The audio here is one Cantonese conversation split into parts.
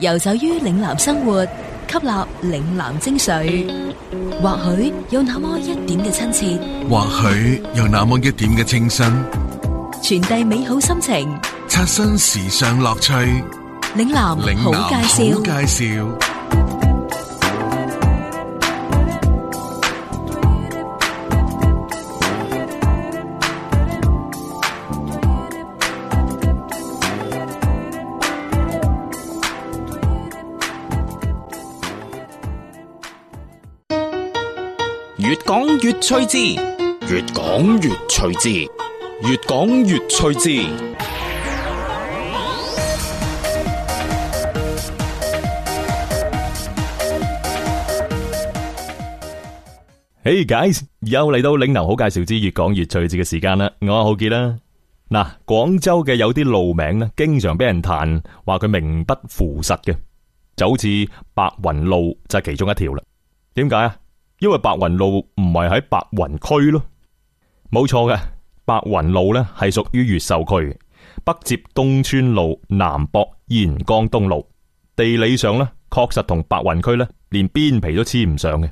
遊走於嶺南生活，吸納嶺南精髓，或許有那麼一點嘅親切，或許有那麼一點嘅清新，傳遞美好心情，刷新時尚樂趣。嶺南好介紹。趣、hey、之越講越趣之。越講越趣之。嘿，guys，又嚟到嶺南好介紹之越講越趣之嘅時間啦！我係浩杰啦。嗱，廣州嘅有啲路名咧，經常俾人彈，話佢名不符實嘅，就好似白雲路就係其中一條啦。點解啊？因為白雲路唔係喺白雲區咯，冇錯嘅。白雲路咧係屬於越秀區，北接東川路，南駁沿江東路。地理上咧，確實同白雲區咧連邊皮都黐唔上嘅。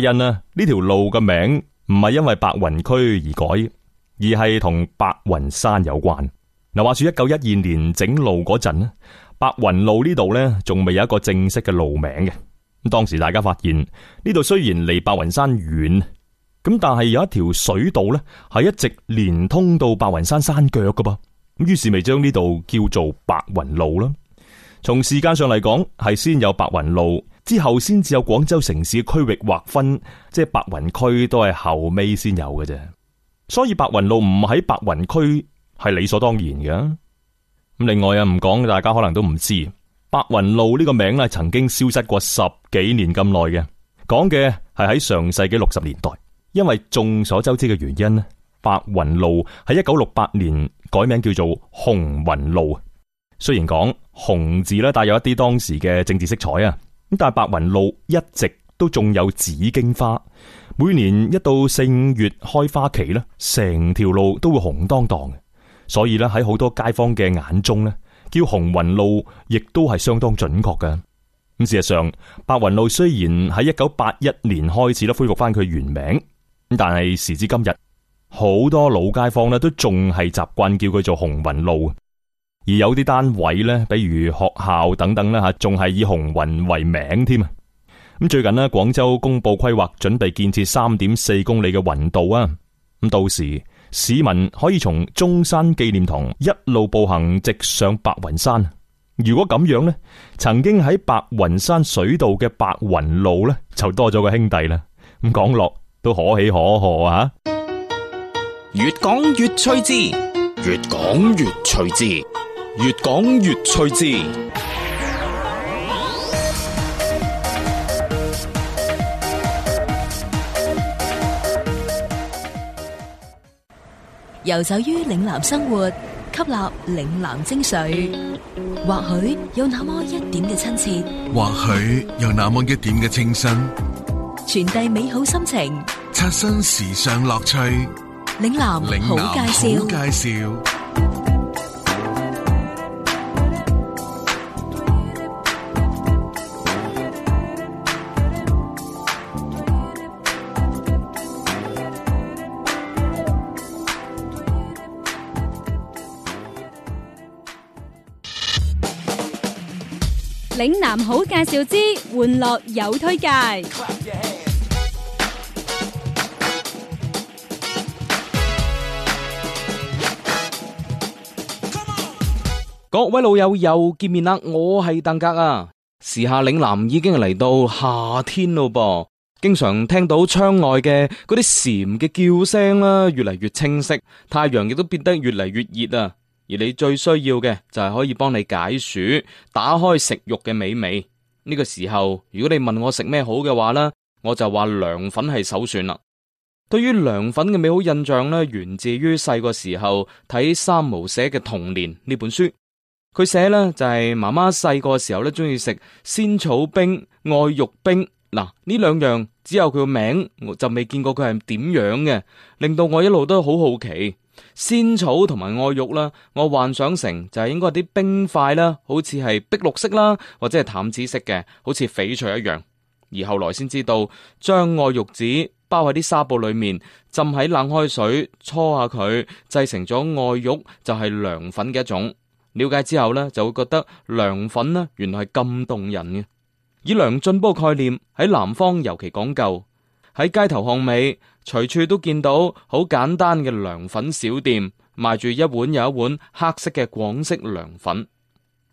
皆因啊，呢條路嘅名唔係因為白雲區而改，而係同白雲山有關。嗱，話說一九一二年整路嗰陣咧，白雲路呢度咧仲未有一個正式嘅路名嘅。當時大家發現呢度雖然離白雲山遠，咁但係有一條水道呢係一直連通到白雲山山腳噶噃。咁於是咪將呢度叫做白雲路啦。從時間上嚟講，係先有白雲路，之後先至有廣州城市區域劃分，即係白雲區都係後尾先有嘅啫。所以白雲路唔喺白雲區係理所當然嘅。咁另外啊，唔講，大家可能都唔知。白雲路呢個名咧，曾經消失過十幾年咁耐嘅。講嘅係喺上世紀六十年代，因為眾所周知嘅原因呢，白雲路喺一九六八年改名叫做紅雲路。雖然講紅字咧帶有一啲當時嘅政治色彩啊，咁但係白雲路一直都種有紫荊花，每年一到四五月開花期咧，成條路都會紅噹噹嘅，所以咧喺好多街坊嘅眼中咧，叫紅雲路，亦都係相當準確嘅。咁事實上，白雲路雖然喺一九八一年開始都恢復翻佢原名，但係時至今日，好多老街坊咧都仲係習慣叫佢做紅雲路，而有啲單位咧，比如學校等等咧吓，仲係以紅雲為名添啊。咁最近呢，廣州公布規劃，準備建設三點四公里嘅雲道啊，咁到時。市民可以從中山紀念堂一路步行直上白雲山。如果咁樣呢，曾經喺白雲山水道嘅白雲路呢，就多咗個兄弟啦。咁講落都可喜可賀啊！越講越趣致，越講越趣致，越講越趣致。游走於嶺南生活，吸納嶺南精髓 嶺南好介紹之，玩樂有推介。各位老友又見面啦，我係鄧格啊。時下嶺南已經嚟到夏天咯噃，經常聽到窗外嘅嗰啲蟬嘅叫聲啦，越嚟越清晰，太陽亦都變得越嚟越熱啊。而你最需要嘅就係可以幫你解暑，打開食欲嘅美味。呢、呢個時候，如果你問我食咩好嘅話呢，我就話涼粉係首選啦。對於涼粉嘅美好印象呢，源自於細個時候睇三毛寫嘅《童年》呢本書。佢寫呢就係、是、媽媽細個時候呢中意食仙草冰、愛玉冰嗱呢兩樣，只有佢個名我就未見過佢係點樣嘅，令到我一路都好好奇。仙草同埋愛玉啦，我幻想成就係應該啲冰塊啦，好似係碧綠色啦，或者係淡紫色嘅，好似翡翠一樣。而後來先知道，將愛玉子包喺啲紗布裏面，浸喺冷開水搓下佢，製成咗愛玉就係涼粉嘅一種。了解之後咧，就會覺得涼粉呢，原來係咁動人嘅。以涼進煲概念，喺南方尤其講究，喺街頭巷尾隨處都見到好簡單嘅涼粉小店，賣住一碗又一碗黑色嘅廣式涼粉。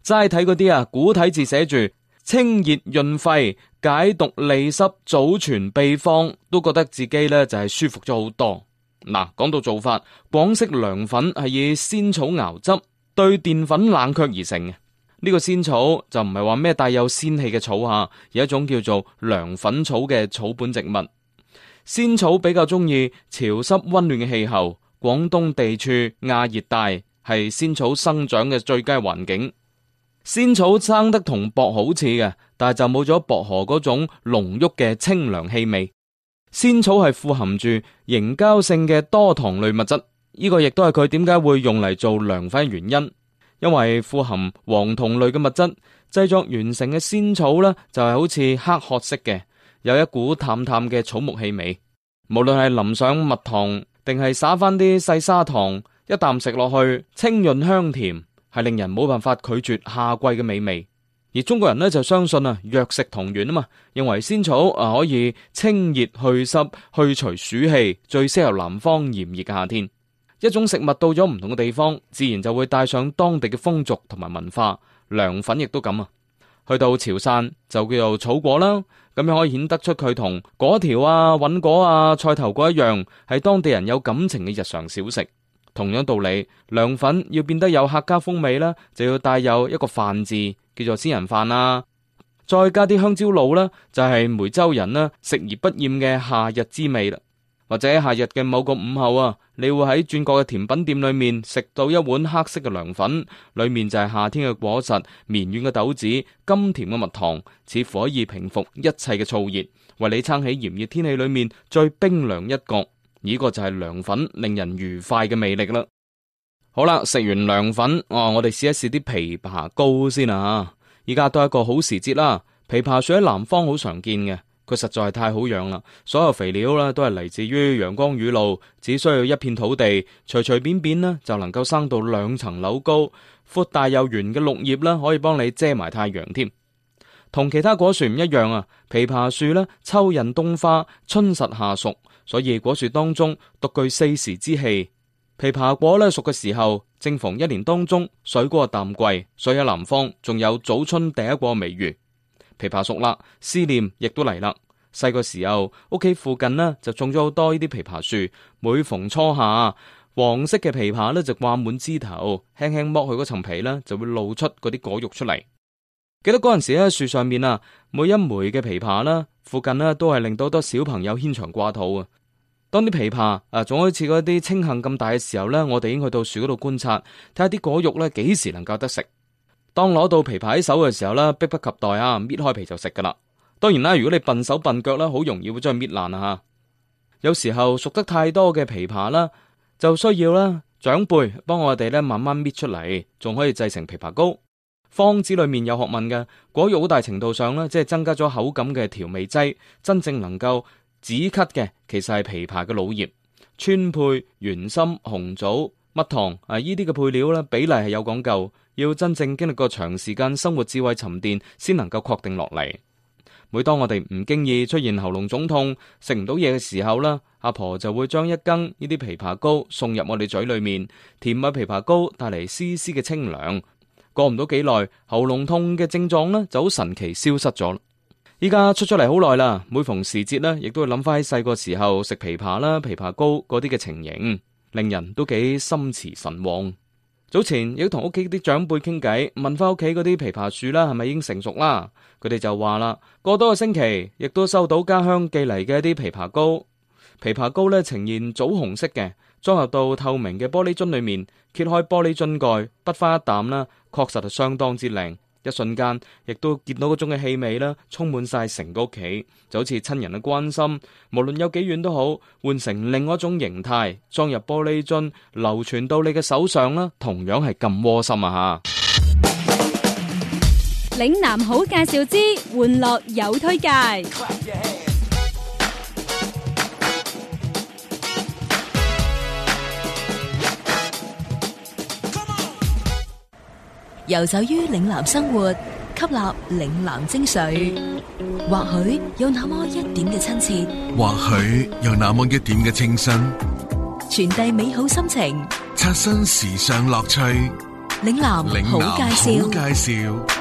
齋睇嗰啲啊古體字寫住清熱潤肺、解毒利濕、祖傳秘方，都覺得自己呢就係、是、舒服咗好多。嗱，講到做法，廣式涼粉係以鮮草熬汁兌澱粉冷卻而成。呢個仙草就唔係話咩帶有仙氣嘅草啊，有一種叫做涼粉草嘅草本植物。仙草比較中意潮濕溫暖嘅氣候，廣東地處亞熱帶，係仙草生長嘅最佳環境。仙草生得同薄荷好似嘅，但係就冇咗薄荷嗰種濃郁嘅清涼氣味。仙草係富含住凝膠性嘅多糖類物質，呢個亦都係佢點解會用嚟做涼粉原因，因為富含黃酮類嘅物質，製作完成嘅仙草呢，就係好似黑褐色嘅。有一股淡淡嘅草木氣味，無論係淋上蜜糖，定係灑翻啲細砂糖，一啖食落去清潤香甜，係令人冇辦法拒絕夏季嘅美味。而中國人咧就相信啊，藥食同源啊嘛，認為仙草啊可以清熱祛濕、去除暑氣，最適合南方炎熱嘅夏天。一種食物到咗唔同嘅地方，自然就會帶上當地嘅風俗同埋文化。涼粉亦都咁啊。去到潮汕就叫做草粿啦，咁樣可以顯得出佢同粿條啊、韻粿啊、菜頭粿一樣，係當地人有感情嘅日常小食。同樣道理，涼粉要變得有客家風味啦，就要帶有一個“飯”字，叫做仙人飯啊，再加啲香蕉露啦，就係、是、梅州人呢食而不厭嘅夏日滋味啦。或者夏日嘅某個午後啊，你會喺轉角嘅甜品店裏面食到一碗黑色嘅涼粉，裏面就係夏天嘅果實、綿軟嘅豆子、甘甜嘅蜜糖，似乎可以平復一切嘅燥熱，為你撐起炎熱天氣裏面最冰涼一角。呢、這個就係涼粉令人愉快嘅魅力啦。好啦，食完涼粉，哦、我我哋試一試啲枇杷膏先啊！依家都係一個好時節啦，枇杷樹喺南方好常見嘅。佢實在係太好養啦，所有肥料啦都係嚟自於陽光雨露，只需要一片土地，隨隨便便呢就能夠生到兩層樓高，闊大又圓嘅綠葉啦，可以幫你遮埋太陽添。同其他果樹唔一樣啊，枇杷樹呢秋認冬花，春實夏熟，所以果樹當中獨具四時之氣。枇杷果呢熟嘅時候，正逢一年當中水果淡季，所以南方仲有早春第一個美譽。枇杷熟啦，思念亦都嚟啦。細個時候，屋企附近呢就種咗好多呢啲枇杷樹。每逢初夏，黃色嘅枇杷呢就掛滿枝頭。輕輕剝去嗰層皮呢，就會露出嗰啲果肉出嚟。記得嗰陣時喺樹啊上面啊，每一枚嘅枇杷啦，附近呢都係令到好多小朋友牽腸掛肚啊。當啲枇杷啊，仲好似嗰啲青杏咁大嘅時候呢，我哋已經去到樹嗰度觀察，睇下啲果肉呢幾時能夠得食。當攞到枇杷喺手嘅時候啦，迫不及待啊，搣開皮就食噶啦。當然啦，如果你笨手笨腳啦，好容易會將佢搣爛啊吓。有時候熟得太多嘅枇杷啦，就需要啦長輩幫我哋咧慢慢搣出嚟，仲可以製成枇杷膏。方子裏面有學問嘅果肉好大程度上咧，即係增加咗口感嘅調味劑。真正能夠止咳嘅，其實係枇杷嘅老葉，川貝、玄參、紅棗。蜜糖啊，依啲嘅配料啦，比例係有講究，要真正經歷過長時間生活智慧沉澱，先能夠確定落嚟。每當我哋唔經意出現喉嚨腫痛、食唔到嘢嘅時候啦，阿婆就會將一羹呢啲枇杷膏送入我哋嘴裏面，甜蜜枇杷膏帶嚟絲絲嘅清涼，過唔到幾耐，喉嚨痛嘅症狀咧就好神奇消失咗。依家出出嚟好耐啦，每逢時節咧，亦都會諗翻起細個時候食枇杷啦、枇杷膏嗰啲嘅情形。令人都幾心馳神往。早前亦都同屋企啲長輩傾偈，問翻屋企嗰啲枇杷樹啦，係咪已經成熟啦？佢哋就話啦，過多個星期，亦都收到家鄉寄嚟嘅一啲枇杷膏。枇杷膏咧，呈現棗紅色嘅，裝入到透明嘅玻璃樽裏面，揭開玻璃樽蓋，滗花一啖啦，確實係相當之靚。一瞬間，亦都見到嗰種嘅氣味啦，充滿晒成個屋企，就好似親人嘅關心，無論有幾遠都好，換成另外一種形態，裝入玻璃樽，流傳到你嘅手上啦，同樣係咁窩心啊吓！嶺南好介紹之，玩樂有推介。遊走於嶺南生活，吸納嶺南精髓，或許有那麼一點嘅親切，或許有那麼一點嘅清新，傳遞美好心情，刷新時尚樂趣。嶺南好介紹，嶺南好介紹。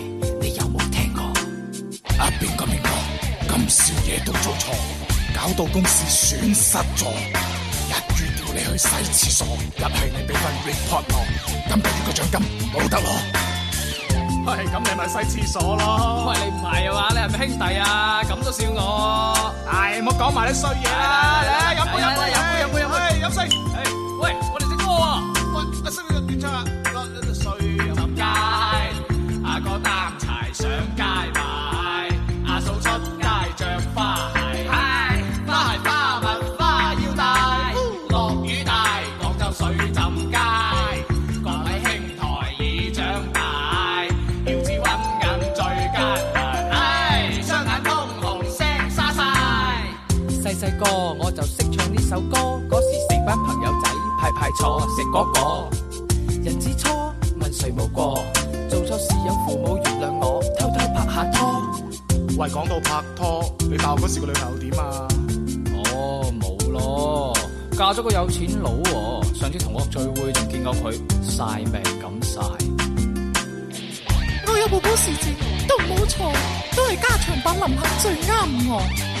啊！邊個明我？今宵嘢都做錯，搞到公司損失咗。一於叫你去洗廁所，一係你俾份 report 我。今次呢個獎金冇得攞。係咁，你咪洗廁所咯。喂，你唔係啊嘛？你係咪兄弟啊？咁都笑我？唉，唔好講埋啲衰嘢啦。嚟飲杯飲杯飲杯飲杯飲杯飲杯飲杯飲四。喂，我哋整個喎。我我識唔識吉他？我我識。錯食果果，個人之初，問誰無過？做錯事有父母原諒我，偷偷拍下拖。喂，講到拍拖，你大學嗰時個女朋友點啊？哦，冇咯，嫁咗個有錢佬喎。上次同學聚會仲見過佢，晒命咁晒。我有部保時捷，都冇錯，都係加長版林肯最啱我。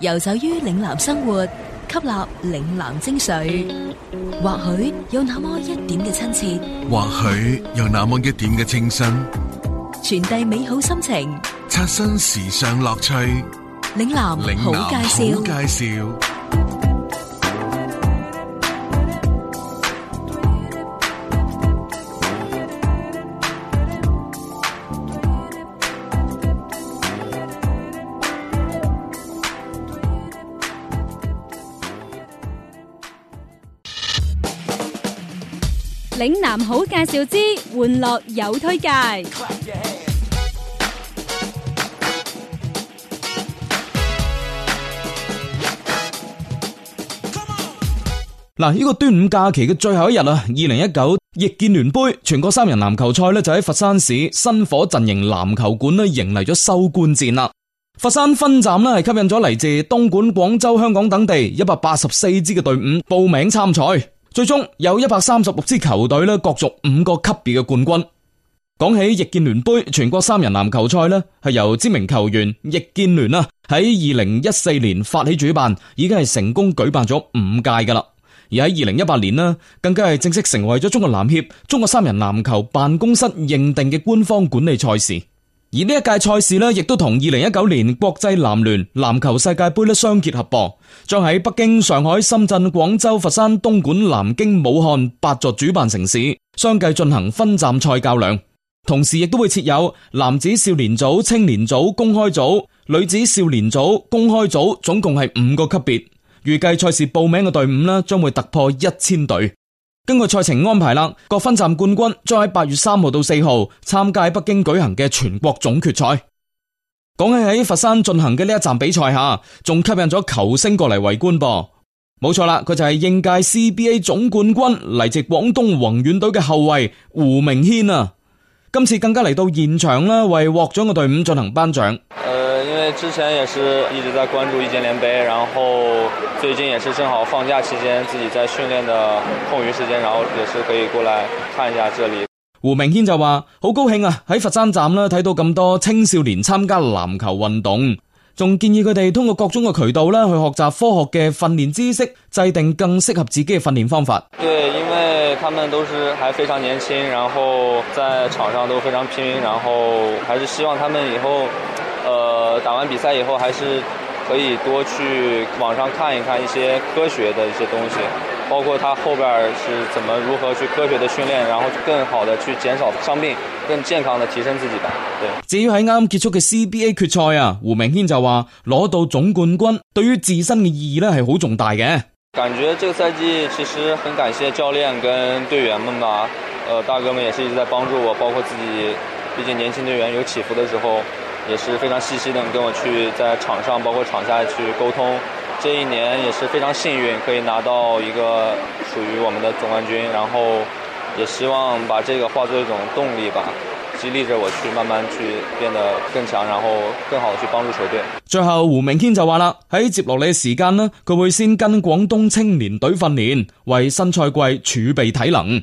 遊走於嶺南生活，吸納嶺南精髓，或許有那麼一點嘅親切，或許有那麼一點嘅清新，傳遞美好心情，刷新時尚樂趣。嶺南好介紹。嶺南好介紹之，玩樂有推介。嗱，呢個端午假期嘅最後一日啊，二零一九易建聯杯全國三人籃球賽咧就喺佛山市新火陣營籃球館咧迎嚟咗收官戰啦。佛山分站咧係吸引咗嚟自東莞、廣州、香港等地一百八十四支嘅隊伍報名參賽。最終有一百三十六支球隊咧角逐五個級別嘅冠軍。講起易建聯杯全國三人籃球賽呢係由知名球員易建聯啦喺二零一四年發起主辦，已經係成功舉辦咗五屆噶啦。而喺二零一八年呢，更加係正式成為咗中國籃協中國三人籃球辦公室認定嘅官方管理賽事。而呢一屆賽事呢，亦都同二零一九年國際籃聯籃球世界杯咧相結合噃，將喺北京、上海、深圳、廣州、佛山、東莞、南京、武漢八座主辦城市相繼進行分站賽較量，同時亦都會設有男子少年組、青年組、公開組、女子少年組、公開組，總共係五個級別，預計賽事報名嘅隊伍呢，將會突破一千隊。根據賽程安排啦，各分站冠軍將喺八月三號到四號參加喺北京舉行嘅全國總決賽。講起喺佛山進行嘅呢一站比賽下仲吸引咗球星過嚟圍觀噃。冇錯啦，佢就係應屆 CBA 總冠軍嚟自廣東宏遠隊嘅後衛胡明軒啊。今次更加嚟到現場啦，為獲獎嘅隊伍進行頒獎。之前也是一直在關注易建聯杯，然後最近也是正好放假期間，自己在訓練的空餘時間，然後也是可以過來看一下這裏。胡明軒就話：好高興啊！喺佛山站呢睇到咁多青少年參加籃球運動，仲建議佢哋通過各種嘅渠道呢去學習科學嘅訓練知識，制定更適合自己嘅訓練方法。對，因為他們都是還非常年輕，然後在場上都非常拼，然後還是希望他們以後。呃，打完比賽以後還是可以多去網上看一看一些科學的一些東西，包括他後邊是怎麼如何去科學的訓練，然後更好的去減少傷病，更健康的提升自己吧。對，至於喺啱啱結束嘅 CBA 決賽啊，胡明軒就話攞到總冠軍對於自身嘅意義咧係好重大嘅。感覺這個賽季其實很感謝教練跟隊員們吧，呃，大哥們也是一直在幫助我，包括自己，畢竟年輕隊員有起伏的時候。也是非常細心的，跟我去在場上，包括場下去溝通。這一年也是非常幸運，可以拿到一個屬於我們的總冠軍。然後也希望把這個化作一種動力吧，激勵着我去慢慢去變得更強，然後更好的去幫助球隊。最後，胡明軒就話啦：喺接落嚟嘅時間呢，佢會先跟廣東青年隊訓練，為新賽季儲備體能。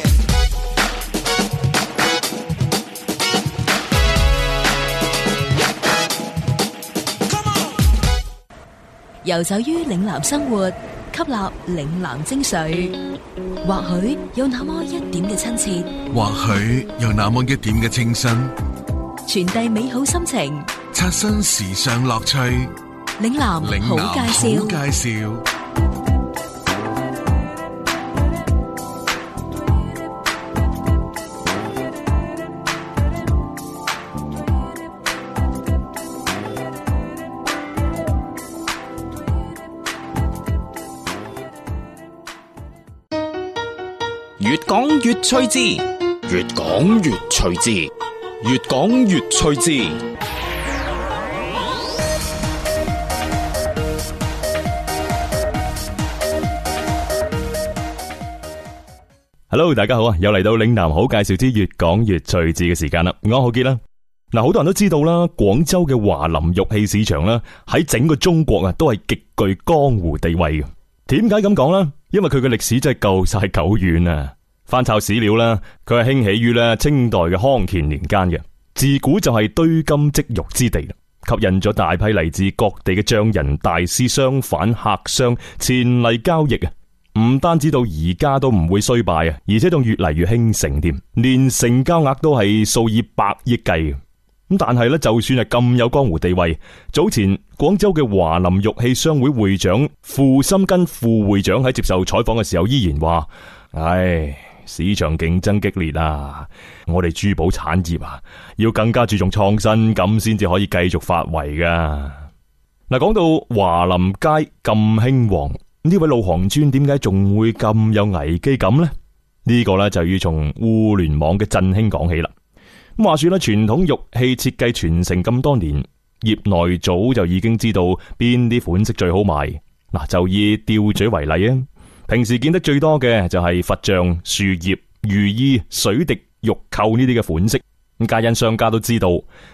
遊走於嶺南生活，吸納嶺南精髓，或許有那麼一點嘅親切，或許有那麼一點嘅清新，傳遞美好心情，刷新時尚樂趣。嶺南好介紹，好介紹。越講越趣致，越講越趣致，越講越趣致。Hello，大家好啊！又嚟到嶺南好介紹之越講越趣致嘅時間啦。安浩傑啦。嗱，好多人都知道啦，廣州嘅華林玉器市場啦，喺整個中國啊，都係極具江湖地位嘅。點解咁講呢？因為佢嘅歷史真係夠晒久遠啊！翻炒史料啦，佢係興起於咧清代嘅康乾年間嘅。自古就係堆金積玉之地，吸引咗大批嚟自各地嘅匠人、大師、商販、客商前嚟交易啊。唔單止到而家都唔會衰敗啊，而且仲越嚟越興盛添，連成交額都係數以百億計。咁但係咧，就算係咁有江湖地位，早前廣州嘅華林玉器商會會長傅心根、副會長喺接受採訪嘅時候，依然話：唉，市場競爭激烈啊！我哋珠寶產業啊，要更加注重創新，咁先至可以繼續發圍噶。嗱，講到華林街咁興旺，呢位老行尊點解仲會咁有危機感呢？呢、呢個咧就要從互聯網嘅振興講起啦。咁話說啦，傳統玉器設計傳承咁多年，業內早就已經知道邊啲款式最好賣。嗱，就以吊墜為例啊，平時見得最多嘅就係佛像、樹葉、如意、水滴、玉扣呢啲嘅款式。咁皆因商家都知道，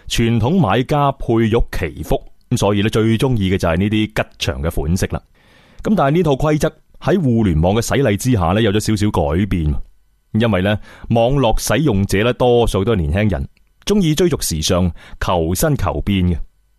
傳統買家配玉祈福，咁所以咧最中意嘅就係呢啲吉祥嘅款式啦。咁但係呢套規則喺互聯網嘅洗禮之下咧，有咗少少改變。因為咧，網絡使用者咧，多數都係年輕人，中意追逐時尚、求新求變嘅。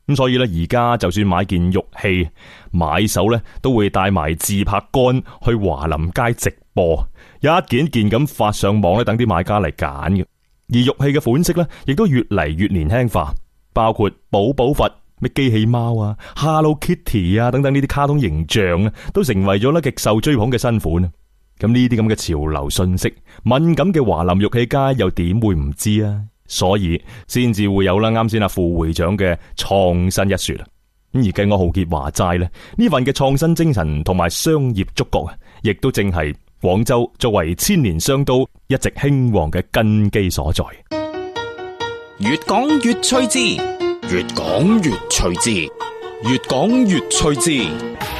咁所以咧，而家就算買件玉器，買手咧都會帶埋自拍桿去華林街直播，有一件件咁發上網咧，等啲買家嚟揀嘅。而玉器嘅款式咧，亦都越嚟越年輕化，包括寶寶佛、咩機器貓啊、Hello Kitty 啊等等呢啲卡通形象啊，都成為咗咧極受追捧嘅新款。咁呢啲咁嘅潮流信息，敏感嘅華南玉器街又點會唔知啊？所以先至會有啦。啱先阿副會長嘅創新一說啦。而繼我浩杰華齋咧呢份嘅創新精神同埋商業觸覺啊，亦都正係廣州作為千年商都一直興旺嘅根基所在。越講越趣之，越講越趣之，越講越趣之。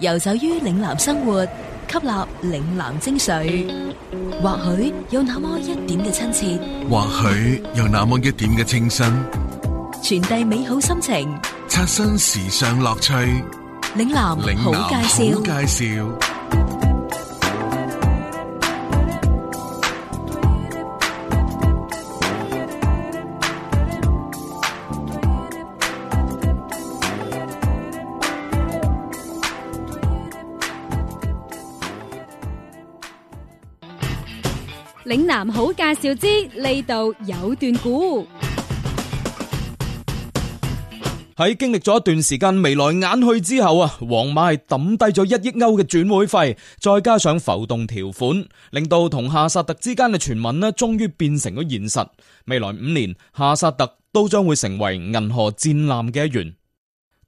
遊走於嶺南生活，吸納嶺南精髓，或許有那麼一點嘅親切，或許有那麼一點嘅清新，傳遞美好心情，刷新時尚樂趣。嶺南好介紹，好介紹。好介紹之呢度有段古。喺經歷咗一段時間眉來眼去之後啊，皇馬係抌低咗一億歐嘅轉會費，再加上浮動條款，令到同夏薩特之間嘅傳聞呢，終於變成咗現實。未來五年，夏薩特都將會成為銀河戰艦嘅一員。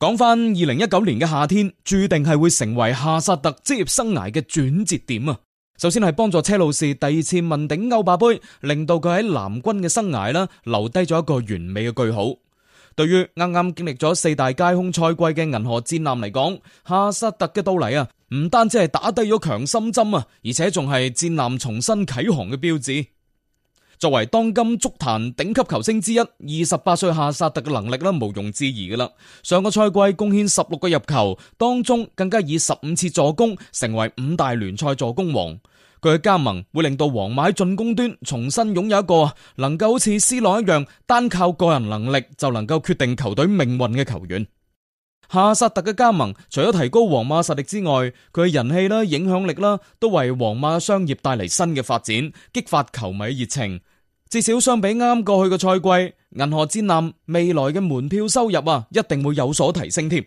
講翻二零一九年嘅夏天，注定係會成為夏薩特職業生涯嘅轉折點啊！首先係幫助車路士第二次問鼎歐霸盃，令到佢喺藍軍嘅生涯啦，留低咗一個完美嘅句號。對於啱啱經歷咗四大皆空賽季嘅銀河戰艦嚟講，哈薩特嘅到嚟啊，唔單止係打低咗強心針啊，而且仲係戰艦重新啟航嘅標誌。作為當今足壇頂級球星之一，二十八歲哈薩特嘅能力呢毋庸置疑噶啦。上個賽季貢獻十六個入球，當中更加以十五次助攻成為五大聯賽助攻王。佢嘅加盟會令到皇馬喺進攻端重新擁有一個能夠好似 C 羅一樣，單靠個人能力就能夠決定球隊命運嘅球員。夏薩特嘅加盟，除咗提高皇馬實力之外，佢嘅人氣啦、影響力啦，都為皇馬商業帶嚟新嘅發展，激發球迷熱情。至少相比啱過去嘅賽季，銀河之巔未來嘅門票收入啊，一定會有所提升添。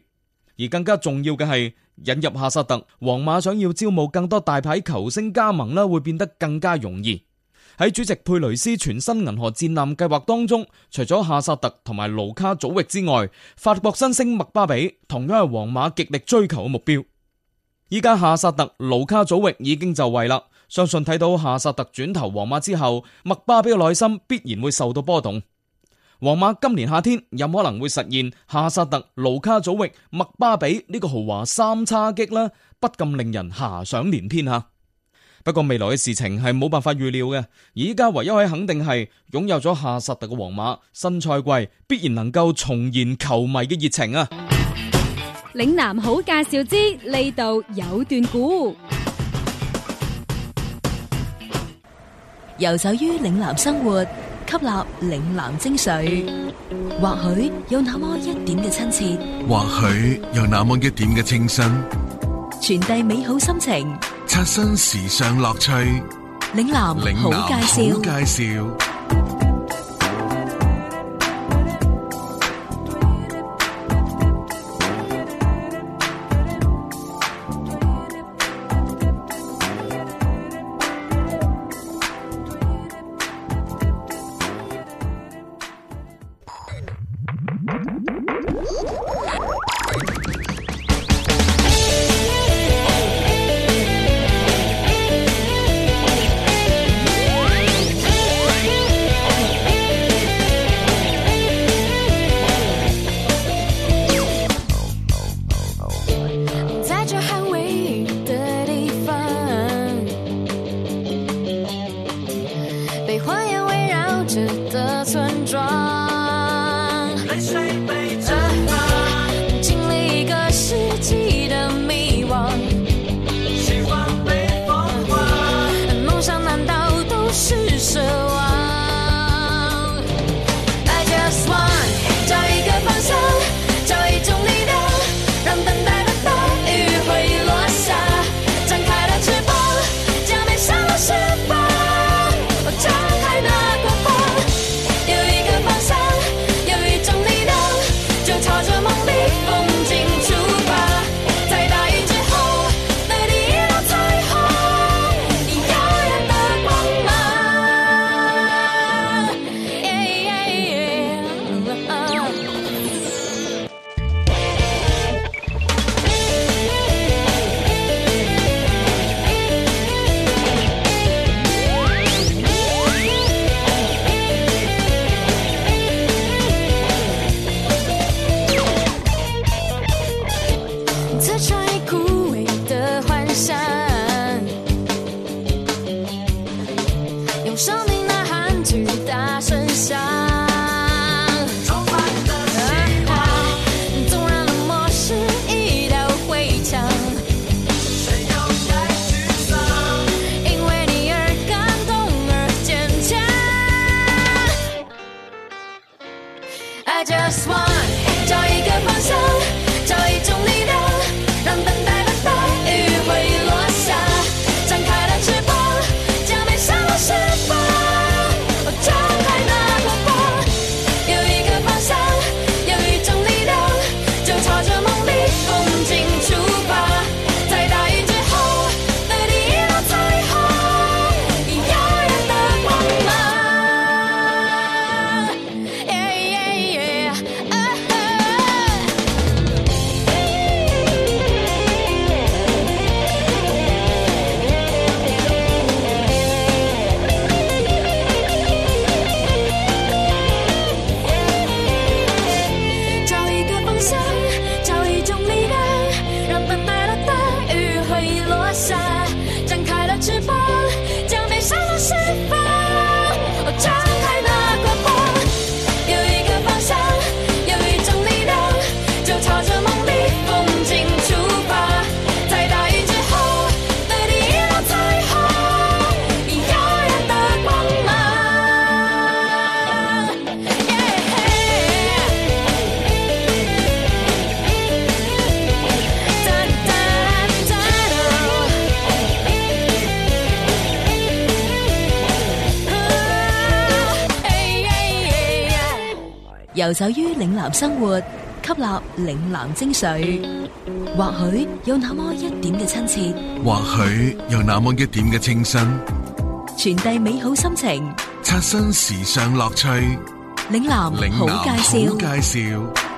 而更加重要嘅係引入夏薩特，皇馬想要招募更多大牌球星加盟咧，會變得更加容易。喺主席佩雷斯全新銀河戰艦計劃當中，除咗夏薩特同埋盧卡祖域之外，法國新星麥巴比同樣係皇馬極力追求嘅目標。依家夏薩特、盧卡祖域已經就位啦，相信睇到夏薩特轉投皇馬之後，麥巴比嘅內心必然會受到波動。皇馬今年夏天有可能會實現夏薩特、盧卡祖域、麥巴比呢個豪華三叉戟啦，不禁令人遐想連篇吓。不過未來嘅事情係冇辦法預料嘅，而家唯一可以肯定係擁有咗夏薩特嘅皇馬，新賽季必然能夠重燃球迷嘅熱情啊！嶺南好介紹之，呢度有段古，遊走於嶺南生活。吸納嶺南精髓，或許有那麼一點嘅親切，或許有那麼一點嘅清新，傳遞美好心情，刷新時尚樂趣。嶺南好介紹，好介紹。遊走於嶺南生活，吸納嶺南精髓，或許有那麼一點嘅親切，或許有那麼一點嘅清新，傳遞美好心情，刷新時尚樂趣。嶺南好介紹，好介紹。